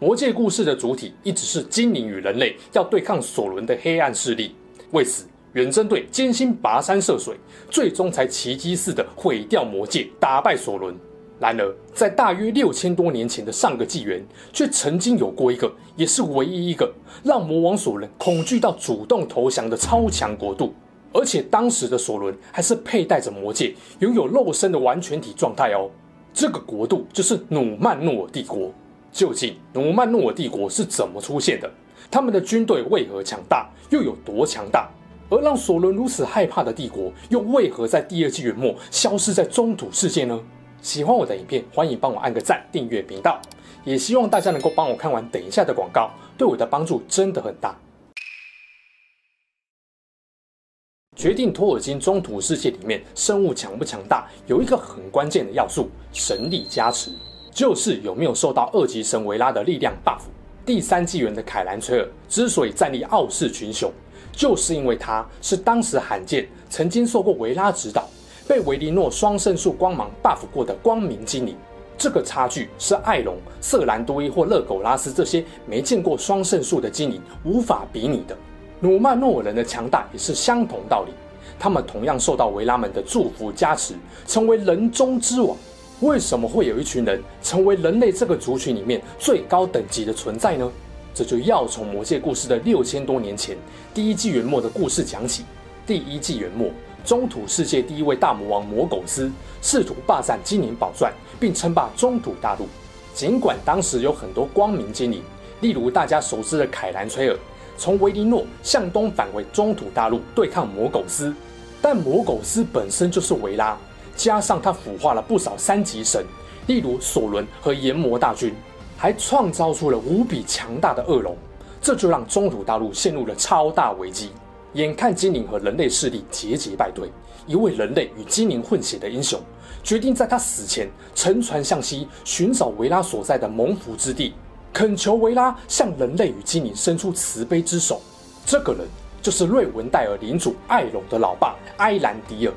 魔戒故事的主體一直是精靈與人類要對抗索倫的黑暗勢力，為此遠征隊艱辛跋山涉水，最終才奇蹟似的毀掉魔戒，打敗索倫。然而，在大約六千多年前的上個紀元，卻曾經有過一個，也是唯一一個讓魔王索倫恐懼到主動投降的超強國度，而且當時的索倫還是佩戴着魔戒，擁有肉身的完全體狀態哦。這個國度就是努曼諾爾帝國。究竟努曼諾爾帝國是怎麼出現的？他們的軍隊為何強大，又有多強大？而讓索倫如此害怕的帝國，又為何在第二紀元末消失在中土世界呢？喜歡我的影片，歡迎幫我按個讚、訂閱頻道。也希望大家能夠幫我看完等一下的廣告，對我的幫助真的很大。決定托爾金中土世界裡面生物強不強大，有一個很關鍵的要素——神力加持。就是有沒有受到二級神維拉的力量 buff。第三紀元的凱蘭崔爾之所以戰力傲視群雄，就是因為他是當時罕見曾經受過維拉指導、被維利諾雙聖樹光芒 buff 過的光明精靈。這個差距是愛隆、瑟蘭都伊或勒苟拉斯這些沒見過雙聖樹的精靈無法比擬的。努曼諾爾人的強大也是相同道理，他們同樣受到維拉們的祝福加持，成為人中之王。為什麼會有一群人成為人類這個族群裡面最高等級的存在呢？這就要從魔戒故事的六千多年前第一紀元末的故事講起。第一紀元末，中土世界第一位大魔王魔苟斯試圖霸占精靈寶鑽，並稱霸中土大陸。儘管當時有很多光明精靈，例如大家熟知的凱蘭崔爾，從維林諾向東返回中土大陸對抗魔苟斯，但魔苟斯本身就是維拉。加上他腐化了不少三級神，例如索倫和炎魔大軍，還創造出了無比強大的惡龍，這就讓中土大陸陷入了超大危機。眼看精靈和人類勢力節節敗退，一位人類與精靈混血的英雄決定在他死前乘船向西尋找維拉所在的蒙福之地，懇求維拉向人類與精靈伸出慈悲之手。這個人就是瑞文戴爾領主艾隆的老爸埃蘭迪爾。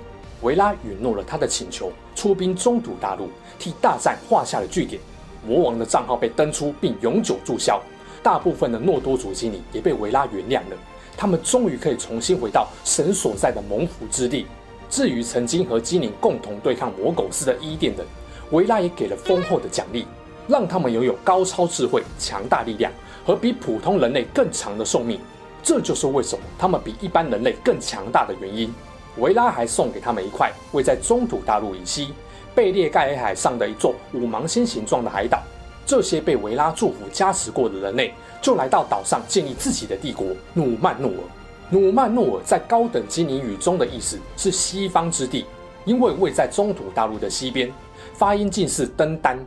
維拉允諾了他的請求，出兵中土大陸，替大戰畫下了句點。魔王的賬號被登出並永久註銷，大部分的諾多族精靈也被維拉原諒了。他們終於可以重新回到神所在的蒙福之地。至於曾經和精靈共同對抗魔苟斯的伊甸人，維拉也給了豐厚的獎勵，讓他們擁有高超智慧、強大力量和比普通人類更長的壽命。這就是為什麼他們比一般人類更強大的原因。維拉還送給他們一塊位在中土大陸以西貝列蓋爾海，海上的一座五芒星形狀的海島。這些被維拉祝福加持過的人類，就來到島上建立自己的帝國——努曼諾爾。努曼諾爾在高等精靈語中的意思是“西方之地”，因為位在中土大陸的西邊，發音近似登丹，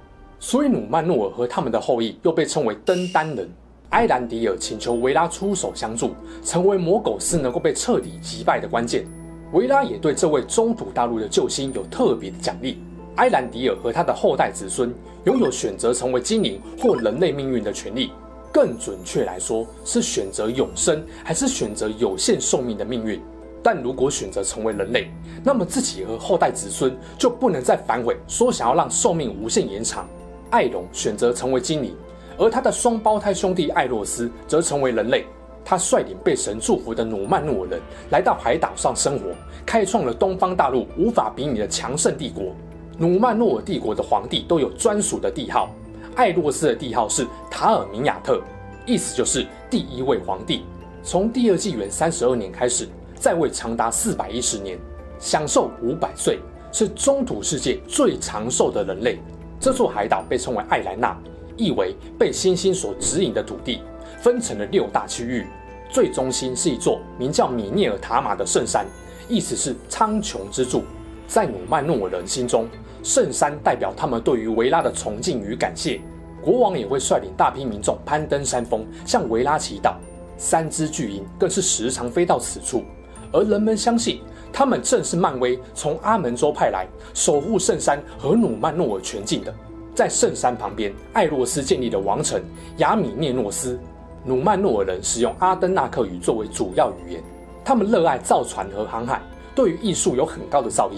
所以努曼諾爾和他們的後裔又被稱為登丹人。埃蘭迪爾請求維拉出手相助，成為魔苟斯能夠被徹底擊敗的關鍵。維拉也對這位中土大陸的救星有特別的獎勵。埃蘭迪爾和他的後代子孫擁有選擇成為精靈或人類命運的權利。更準確來說，是選擇永生還是選擇有限壽命的命運。但如果選擇成為人類，那麼自己和後代子孫就不能再反悔，說想要讓壽命無限延長。愛隆選擇成為精靈，而他的雙胞胎兄弟艾洛斯則成為人類。他率領被神祝福的努曼諾爾人來到海島上生活，開創了東方大陸無法比擬的強盛帝國。努曼諾爾帝國的皇帝都有專屬的帝號，艾洛斯的帝號是塔爾明亞特，意思就是第一位皇帝。從第二紀元三十二年開始在位，長達四百一十年，享壽五百歲，是中土世界最長壽的人類。這座海島被稱為艾蘭納，意為被星星所指引的土地，分成了六大區域。最中心是一座名叫米涅爾塔瑪的聖山，意思是蒼穹之柱。在努曼諾爾人心中，聖山代表他們對於維拉的崇敬與感謝。國王也會率領大批民眾攀登山峰，向維拉祈禱。三隻巨鷹更是時常飛到此處，而人們相信他們正是曼威從阿門洲派來守護聖山和努曼諾爾全境的。在聖山旁邊，愛洛斯建立了王城雅米涅諾斯。努曼諾爾人使用阿登納克語作為主要語言，他們熱愛造船和航海，對於藝術有很高的造詣，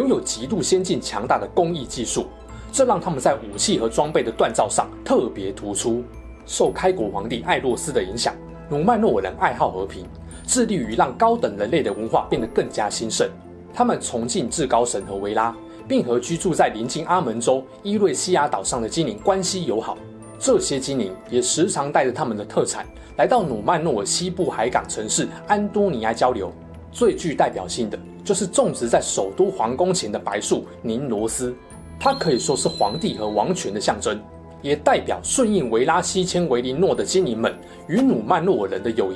擁有極度先進強大的工藝技術，這讓他們在武器和裝備的鍛造上特別突出。受開國皇帝愛洛斯的影響，努曼諾爾人愛好和平，致力於讓高等人類的文化變得更加興盛。他們崇敬至高神和維拉，並和居住在臨近阿門洲伊瑞西亞島上的精靈關係友好。這些精靈也時常帶着他們的特產來到努曼諾爾西部海港城市安多尼埃交流。最具代表性的就是種植在首都皇宮前的白樹寧羅斯，它可以說是皇帝和王權的象徵，也代表順應維拉西遷維林諾的精靈們與努曼諾爾人的友誼。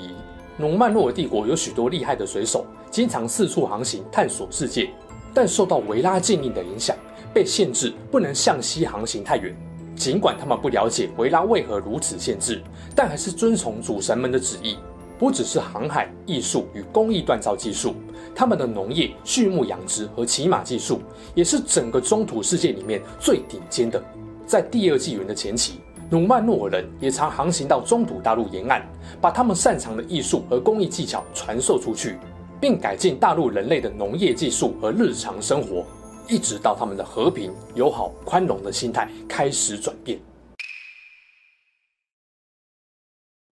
努曼諾爾帝國有許多厲害的水手，經常四處航行探索世界，但受到維拉禁令的影響，被限制不能向西航行太遠。儘管他們不了解維拉為何如此限制，但還是遵從主神們的旨意。不只是航海、藝術與工藝鍛造技術，他們的農業、畜牧養殖和騎馬技術也是整個中土世界裡面最頂尖的。在第二紀元的前期，努曼諾爾人也常航行到中土大陸沿岸，把他們擅長的藝術和工藝技巧傳授出去，並改進大陸人類的農業技術和日常生活。一直到他們的和平、友好、寬容的心態開始轉變。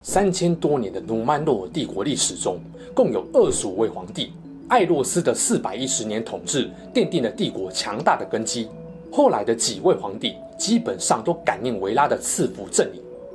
三千多年的努曼諾爾帝國歷史中，共有二十五位皇帝。愛洛斯的四百一十年統治奠定了帝國強大的根基。後來的幾位皇帝基本上都感念維拉的賜福鎮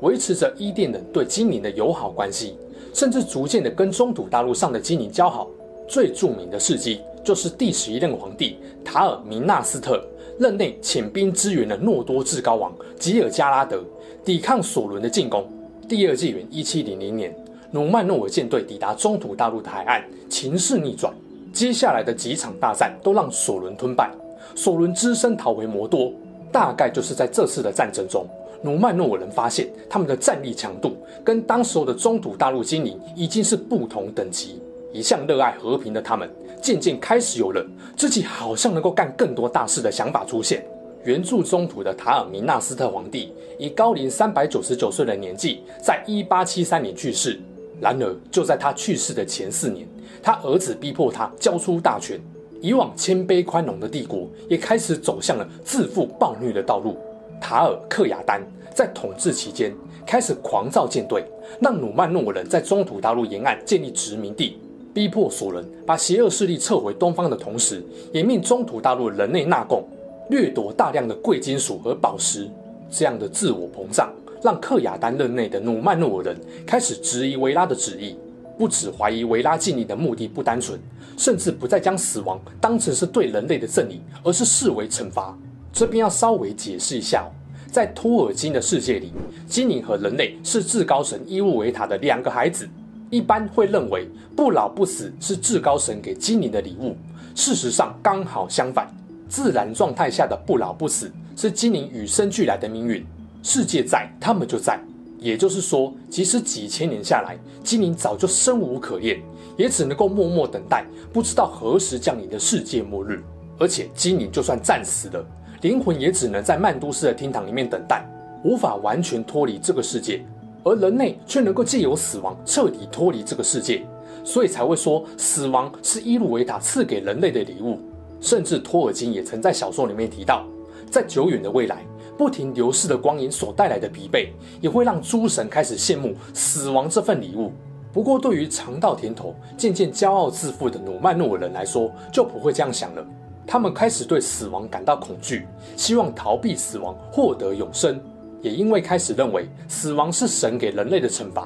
靈，維持着伊甸人對精靈的友好關係，甚至逐漸的跟中土大陸上的精靈交好。最著名的事跡，就是第十一任皇帝塔爾明納斯特任內遣兵支援的諾多至高王吉爾加拉德，抵抗索倫的進攻。第二紀元一七零零年，努曼諾爾艦隊抵達中土大陸的海岸，情勢逆轉。接下來的幾場大戰都讓索倫吞敗，索倫只身逃回魔多。大概就是在這次的戰爭中，努曼諾爾人發現他們的戰力強度跟當時的中土大陸精靈已經是不同等級。一向熱愛和平的他們，漸漸開始有了自己好像能夠幹更多大事的想法出現。原著中土的塔爾米納斯特皇帝以高齡三百九十九歲的年紀，在一八七三年去世。然而就在他去世的前四年，他兒子逼迫他交出大權。以往謙卑寬容的帝國，也開始走向了自負暴虐的道路。塔爾克雅丹在統治期間，開始狂造艦隊，讓努曼諾人在中土大陸沿岸建立殖民地。逼迫索倫把邪惡勢力撤回東方的同時，也命中土大陸人類納貢，掠奪大量的貴金屬和寶石。這樣的自我膨脹，讓克雅丹任內的努曼諾爾人開始質疑維拉的旨意，不只懷疑維拉禁令的目的不單純，甚至不再將死亡當成是對人類的贈禮，而是視為懲罰。這邊要稍微解釋一下哦，在托爾金的世界裡，精靈和人類是至高神伊烏維塔的兩個孩子。一般會認為不老不死是至高神給精靈的禮物，事實上剛好相反，自然狀態下的不老不死是精靈與生俱來的命運。世界在，他們就在。也就是說，即使幾千年下來，精靈早就生無可戀，也只能夠默默等待，不知道何時降臨的世界末日。而且，精靈就算戰死了，靈魂也只能在曼多斯的廳堂裡面等待，無法完全脫離這個世界。而人類卻能夠借由死亡徹底脫離這個世界，所以才會說死亡是伊魯維塔賜給人類的禮物。甚至托爾金也曾在小說裡面提到，在久遠的未來，不停流逝的光陰所帶來的疲憊，也會讓諸神開始羨慕死亡這份禮物。不過，對於嘗到甜頭、漸漸驕傲自負的努曼諾爾人來說，就不會這樣想了。他們開始對死亡感到恐懼，希望逃避死亡，獲得永生。也因為開始認為死亡是神給人類的懲罰，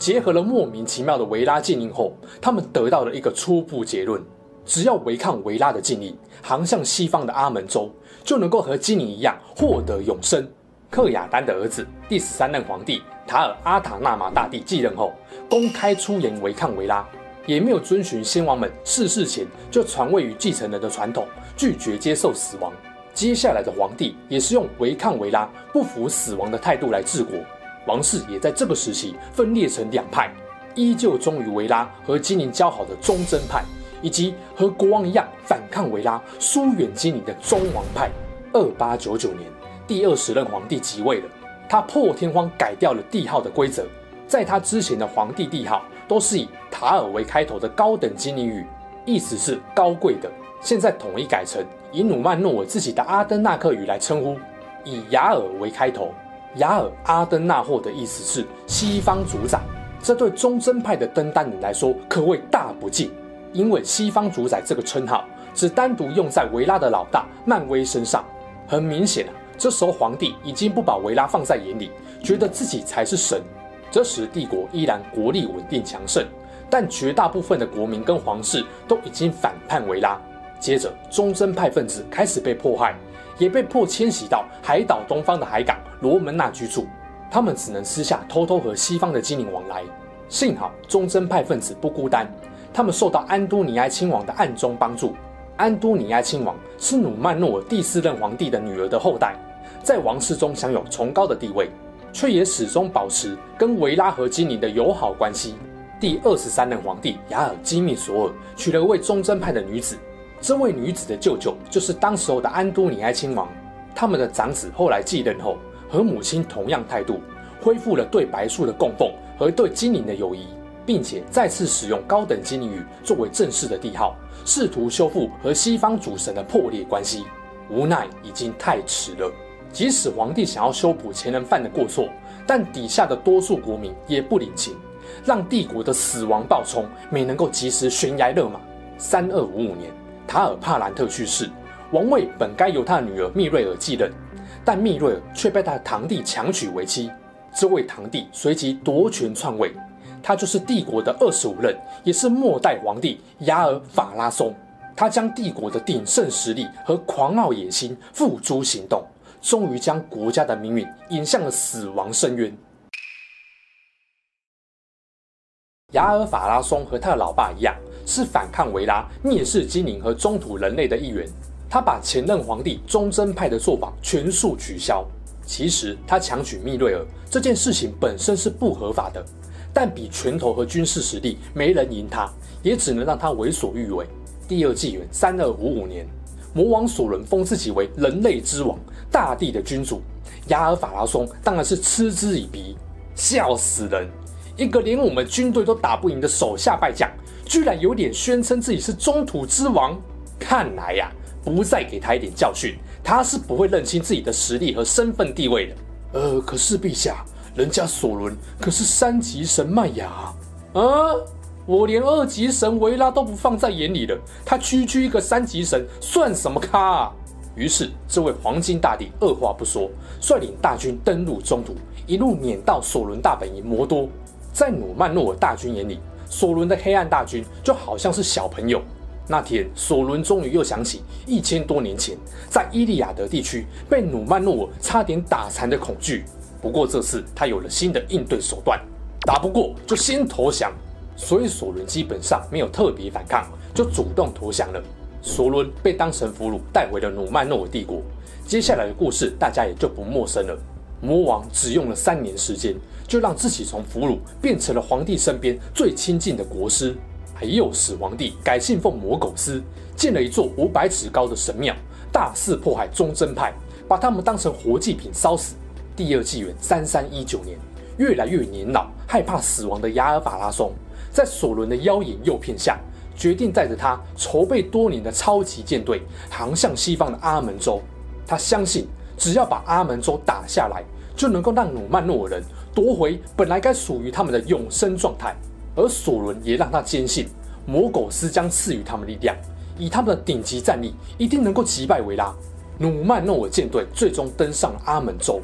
結合了莫名其妙的維拉禁令後，他們得到了一個初步結論：只要違抗維拉的禁令，航向西方的阿門洲就能夠和基尼一樣獲得永生。克雅丹的兒子，第十三任皇帝塔爾阿塔納瑪大帝繼任後，公開出言違抗維拉，也沒有遵循先王們逝世前就傳位於繼承人的傳統，拒絕接受死亡。接下來的皇帝也是用違抗維拉、不服死亡的態度來治國，王室也在這個時期分裂成兩派：依舊忠於維拉和精靈交好的忠貞派，以及和國王一樣反抗維拉、疏遠精靈的忠王派。二八九九年，第二十任皇帝即位了，他破天荒改掉了帝號的規則，在他之前的皇帝帝號都是以塔爾為開頭的高等精靈語，意思是高貴的，現在統一改成，以努曼諾爾自己的阿登納克語來稱呼，以雅爾為開頭，雅爾阿登納霍的意思是西方主宰。這對忠貞派的登丹人來說可謂大不敬，因為西方主宰這個稱號只單獨用在維拉的老大曼威身上。很明顯啊，這時候皇帝已經不把維拉放在眼裡，覺得自己才是神。這時帝國依然國力穩定強盛，但絕大部分的國民跟皇室都已經反叛維拉。接着，忠貞派分子開始被迫害，也被迫遷徙到海島東方的海港羅門納居住。他們只能私下偷偷和西方的精靈往來。幸好，忠貞派分子不孤單，他們受到安都尼埃親王的暗中幫助。安都尼埃親王是努曼諾爾第四任皇帝的女兒的後代，在王室中享有崇高的地位，卻也始終保持跟維拉和精靈的友好關係。第二十三任皇帝雅爾基密索爾娶了一位忠貞派的女子。這位女子的舅舅就是當時候的安多尼埃親王，他們的長子後來繼任後，和母親同樣態度，恢復了對白樹的供奉和對精靈的友誼，並且再次使用高等精靈語作為正式的帝號，試圖修復和西方主神的破裂關係。無奈已經太遲了，即使皇帝想要修補前人犯的過錯，但底下的多數國民也不領情，讓帝國的死亡暴衝沒能夠及時懸崖勒馬。三二五五年，塔爾帕蘭特去世，王位本該由他的女兒密瑞爾繼任，但密瑞爾卻被他的堂弟強娶為妻。這位堂弟隨即奪權篡位，他就是帝國的二十五任，也是末代皇帝亞爾法拉松。他將帝國的鼎盛實力和狂傲野心付諸行動，終於將國家的命運引向了死亡深淵。亞爾法拉松和他的老爸一樣，是反抗維拉、蔑視精靈和中土人類的一員。他把前任皇帝忠貞派的做法全數取消。其實他強娶蜜瑞爾這件事情本身是不合法的，但比拳頭和軍事實力沒人贏他，也只能讓他為所欲為。第二紀元三二五五年，魔王索倫封自己為人類之王、大地的君主。亞爾法拉松當然是嗤之以鼻，笑死人！一個連我們軍隊都打不贏的手下敗將。居然有點宣稱自己是中土之王，看來呀、啊，不再給他一點教訓，他是不會認清自己的實力和身份地位的。呃，可是陛下，人家索倫可是三級神邁雅啊，啊，我連二級神維拉都不放在眼裡的，他區區一個三級神算什麼咖啊？於是這位黃金大帝二話不說，率領大軍登陸中土，一路攆到索倫大本營魔多，在努曼諾爾大軍眼裡。索倫的黑暗大軍就好像是小朋友。那天，索倫終於又想起一千多年前在伊利亞德地區被努曼諾爾差點打殘的恐懼。不過這次他有了新的應對手段，打不過就先投降。所以索倫基本上沒有特別反抗，就主動投降了。索倫被當成俘虜帶回了努曼諾爾帝國。接下來的故事大家也就不陌生了。魔王只用了三年時間，就讓自己從俘虜變成了皇帝身邊最親近的國師，還誘使皇帝改信奉魔苟斯，建了一座五百尺高的神廟，大肆迫害忠貞派，把他們當成活祭品燒死。第二紀元三三一九年，越來越年老、害怕死亡的亞爾法拉松，在索倫的妖言誘騙下，決定帶着他籌備多年的超級艦隊，航向西方的阿門洲。他相信。只要把阿門洲打下來，就能夠讓努曼諾爾人奪回本來該屬於他們的永生狀態。而索倫也讓他堅信，魔苟斯將賜予他們力量，以他們的頂級戰力，一定能夠擊敗維拉。努曼諾爾艦隊最終登上阿門洲。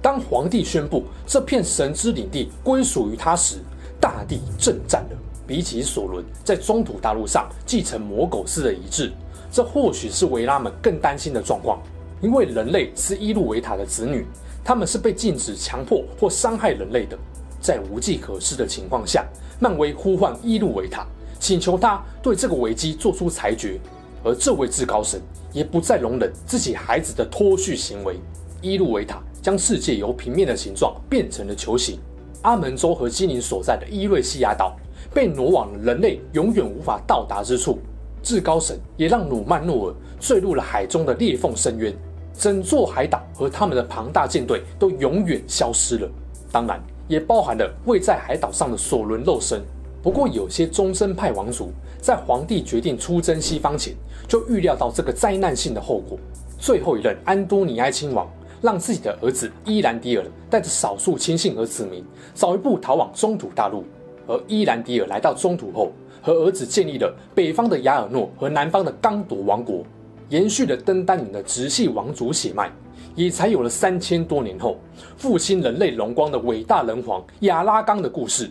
當皇帝宣布這片神之領地歸屬於他時，大地震顫了。比起索倫在中土大陸上繼承魔苟斯的遺志，這或許是維拉們更擔心的狀況。因為人類是伊路維塔的子女，他們是被禁止強迫或傷害人類的。在無計可施的情況下，曼威呼喚伊路維塔，請求他對這個危機做出裁決。而這位至高神也不再容忍自己孩子的脫序行為。伊路維塔將世界由平面的形狀變成了球形，阿門洲和精靈所在的伊瑞西亞島被挪往了人類永遠無法到達之處。至高神也讓努曼諾爾墜入了海中的裂縫深淵。整座海島和他們的龐大艦隊都永遠消失了，當然也包含了位在海島上的索倫肉身。不過，有些忠貞派王族在皇帝決定出征西方前，就預料到這個災難性的後果。最後一任安都尼埃親王讓自己的兒子伊蘭迪爾帶着少數親信和子民，早一步逃往中土大陸。而伊蘭迪爾來到中土後，和兒子建立了北方的雅爾諾和南方的剛鐸王國。延續了登丹人的直系王族血脈，也才有了三千多年後復興人類榮光的偉大人皇亞拉岡的故事。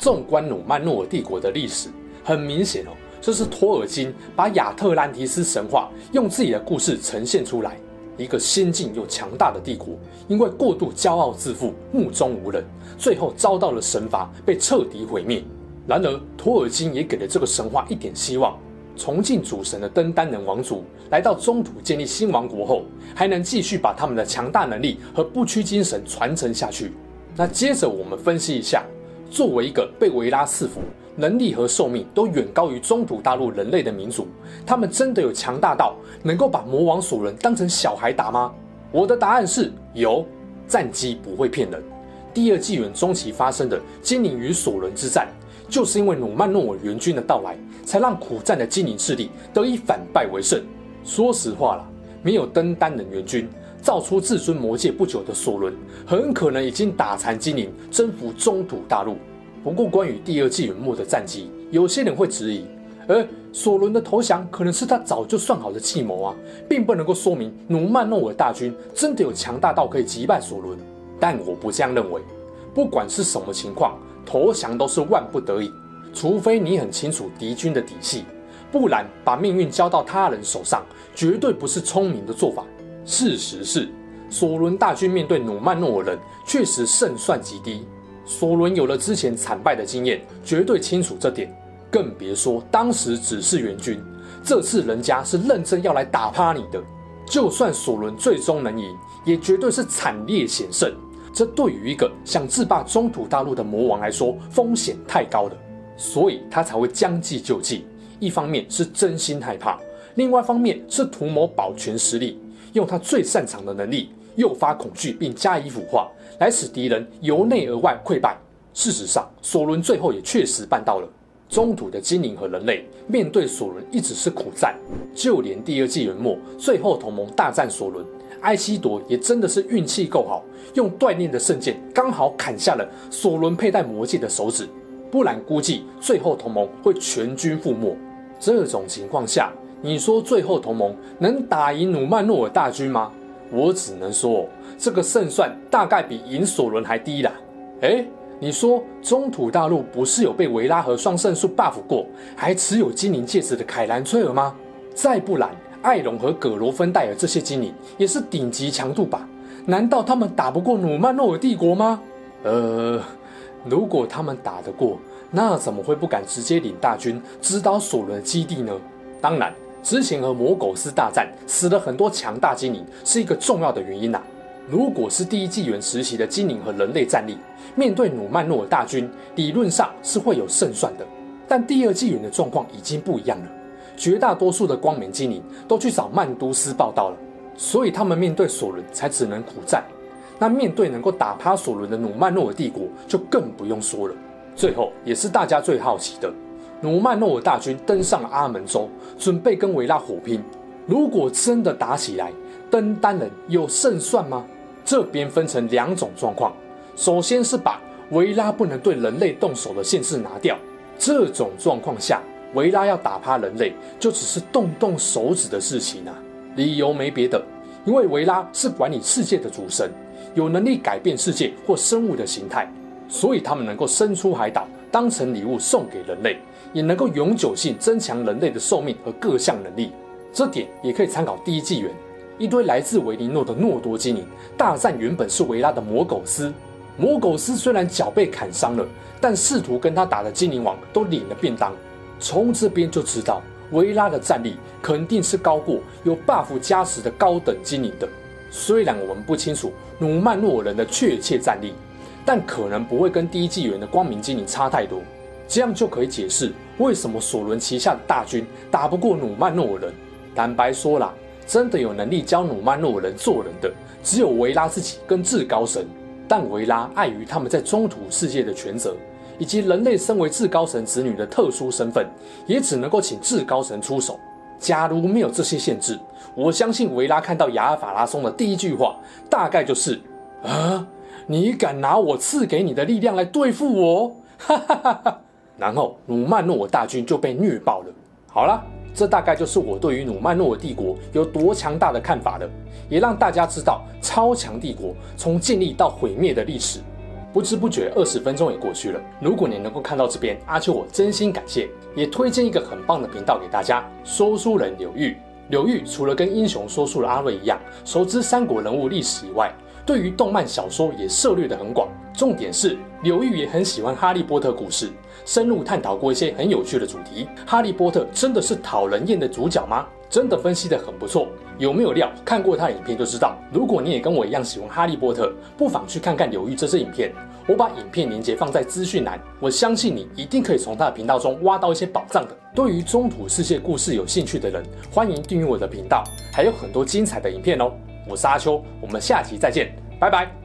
縱觀努曼諾爾帝國的歷史，很明顯哦，這是托爾金把亞特蘭蒂斯神話用自己的故事呈現出來，一個先進又強大的帝國，因為過度驕傲自負、目中無人，最後遭到了神罰，被徹底毀滅。然而，托爾金也給了這個神話一點希望。崇敬主神的登丹人王族來到中土建立新王國後，還能繼續把他們的強大能力和不屈精神傳承下去。那接着我們分析一下：作為一個被維拉賜福、能力和壽命都遠高於中土大陸人類的民族，他們真的有強大到能夠把魔王索倫當成小孩打嗎？我的答案是有，戰績不會騙人。第二紀元中期發生的精靈與索倫之戰。就是因為努曼諾爾援軍的到來，才讓苦戰的精靈勢力得以反敗為勝。說實話啦，沒有登丹人援軍，造出至尊魔戒不久的索倫，很可能已經打殘精靈，征服中土大陸。不過，關於第二紀元末的戰績，有些人會質疑，而索倫的投降可能是他早就算好的計謀啊，並不能夠說明努曼諾爾大軍真的有強大到可以擊敗索倫。但我不這樣認為，不管是什麼情況。投降都是萬不得已，除非你很清楚敵軍的底細，不然把命運交到他人手上，絕對不是聰明的做法。事實是，索倫大軍面對努曼諾爾人，確實勝算極低。索倫有了之前慘敗的經驗，絕對清楚這點，更別說當時只是援軍，這次人家是認真要來打趴你的。就算索倫最終能贏，也絕對是慘烈險勝。這對於一個想自霸中土大陸的魔王來說，風險太高了，所以他才會將計就計。一方面是真心害怕，另外一方面是圖謀保全實力，用他最擅長的能力，誘發恐懼並加以腐化，來使敵人由內而外潰敗。事實上，索倫最後也確實辦到了。中土的精靈和人類面對索倫，一直是苦戰，就連第二紀元末，最後同盟大戰索倫。埃西鐸也真的是運氣夠好，用鍛鍊的聖劍剛好砍下了索倫佩戴魔戒的手指，不然估計最後同盟會全軍覆沒。這種情況下，你說最後同盟能打贏努曼諾爾大軍嗎？我只能說，這個勝算大概比贏索倫還低啦。誒、欸、你說中土大陸不是有被維拉和雙聖樹 buff 過，還持有精靈戒指的凱蘭崔爾嗎？再不然。愛隆和葛羅芬戴爾這些精靈也是頂級強度吧？難道他們打不過努曼諾爾帝國嗎？呃，如果他們打得過，那怎麼會不敢直接領大軍直搗索倫基地呢？當然，之前和魔苟斯大戰死了很多強大精靈是一個重要的原因啊。如果是第一紀元時期的精靈和人類戰力，面對努曼諾爾大軍，理論上是會有勝算的。但第二紀元的狀況已經不一樣了。絕大多數的光明精靈都去找曼都斯報到了，所以他們面對索倫才只能苦戰。那面對能夠打趴索倫的努曼諾爾帝國就更不用說了。最後也是大家最好奇的，努曼諾爾大軍登上了阿門洲，準備跟維拉火拼。如果真的打起來，登丹人有勝算嗎？這邊分成兩種狀況，首先是把維拉不能對人類動手的限制拿掉，這種狀況下。維拉要打趴人類，就只是動動手指的事情啊！理由沒別的，因為維拉是管理世界的主神，有能力改變世界或生物的形態，所以他們能夠生出海島當成禮物送給人類，也能夠永久性增強人類的壽命和各項能力。這點也可以參考第一紀元，一堆來自維林諾的諾多精靈大戰原本是維拉的魔苟斯。魔苟斯雖然腳被砍傷了，但試圖跟他打的精靈王都領了便當。從這邊就知道，維拉的戰力肯定是高過有 buff 加持的高等精靈的。雖然我們不清楚努曼諾爾人的確切戰力，但可能不會跟第一紀元的光明精靈差太多。這樣就可以解釋為什麼索倫旗下的大軍打不過努曼諾爾人。坦白說啦，真的有能力教努曼諾爾人做人的，只有維拉自己跟至高神。但維拉礙於他們在中土世界的權責。以及人類身為至高神子女的特殊身份，也只能夠請至高神出手。假如沒有這些限制，我相信維拉看到亞爾法拉松的第一句話大概就是：“啊，你敢拿我賜給你的力量來對付我？”哈哈哈哈哈！然後努曼諾爾大軍就被虐爆了。好啦，這大概就是我對於努曼諾爾帝國有多強大的看法了，也讓大家知道超強帝國從建立到毀滅的歷史。不知不覺二十分鐘也過去了。如果你能夠看到這邊，阿秋我真心感謝，也推薦一個很棒的頻道給大家——說書人柳豫。柳豫除了跟英雄說書的阿瑞一樣，熟知三國人物歷史以外，對於動漫小說也涉獵的很廣。重點是，柳豫也很喜歡哈利波特故事，深入探討過一些很有趣的主題。哈利波特真的是討人厭的主角嗎？真的分析得很不錯，有沒有料？看過他的影片就知道。如果你也跟我一樣喜歡《哈利波特》，不妨去看看柳豫這支影片。我把影片鏈接放在資訊欄，我相信你一定可以從他的頻道中挖到一些寶藏的。對於中土世界故事有興趣的人，歡迎訂閱我的頻道，還有很多精彩的影片哦。我是阿秋，我們下期再見，拜拜。